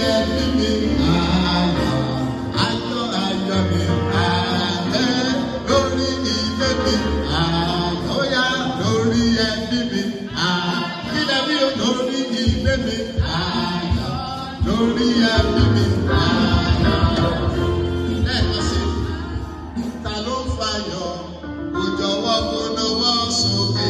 ta ló fàyọ òjọwọ́ kó sókè.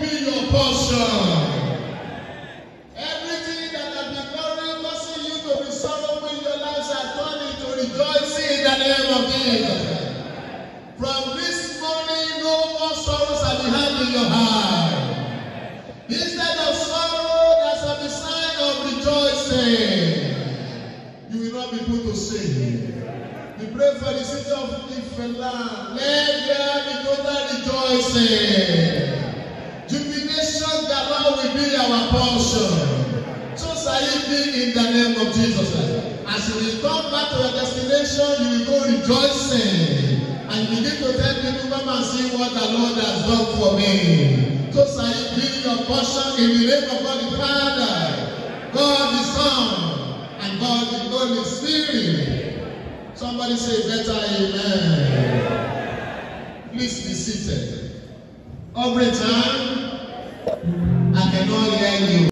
be your portion. Everything that has been glory causing you to be sorrowful in your life shall turn into rejoicing in the name of Jesus. From this morning, no more sorrows are behind in your heart. Instead of sorrow, there's a sign of rejoicing. You will not be put to shame. We pray for the city of Ifeland. Let there be total rejoicing compulsion. Choose safely in the name of Jesus. As you return back to your destination, you will go rejoicing and begin to tell people, come and see what the Lord has done for me. So shall it be your portion in the name of God the Father, God the Son, and God the Holy Spirit. Somebody say better amen. Please be seated. Over time not you.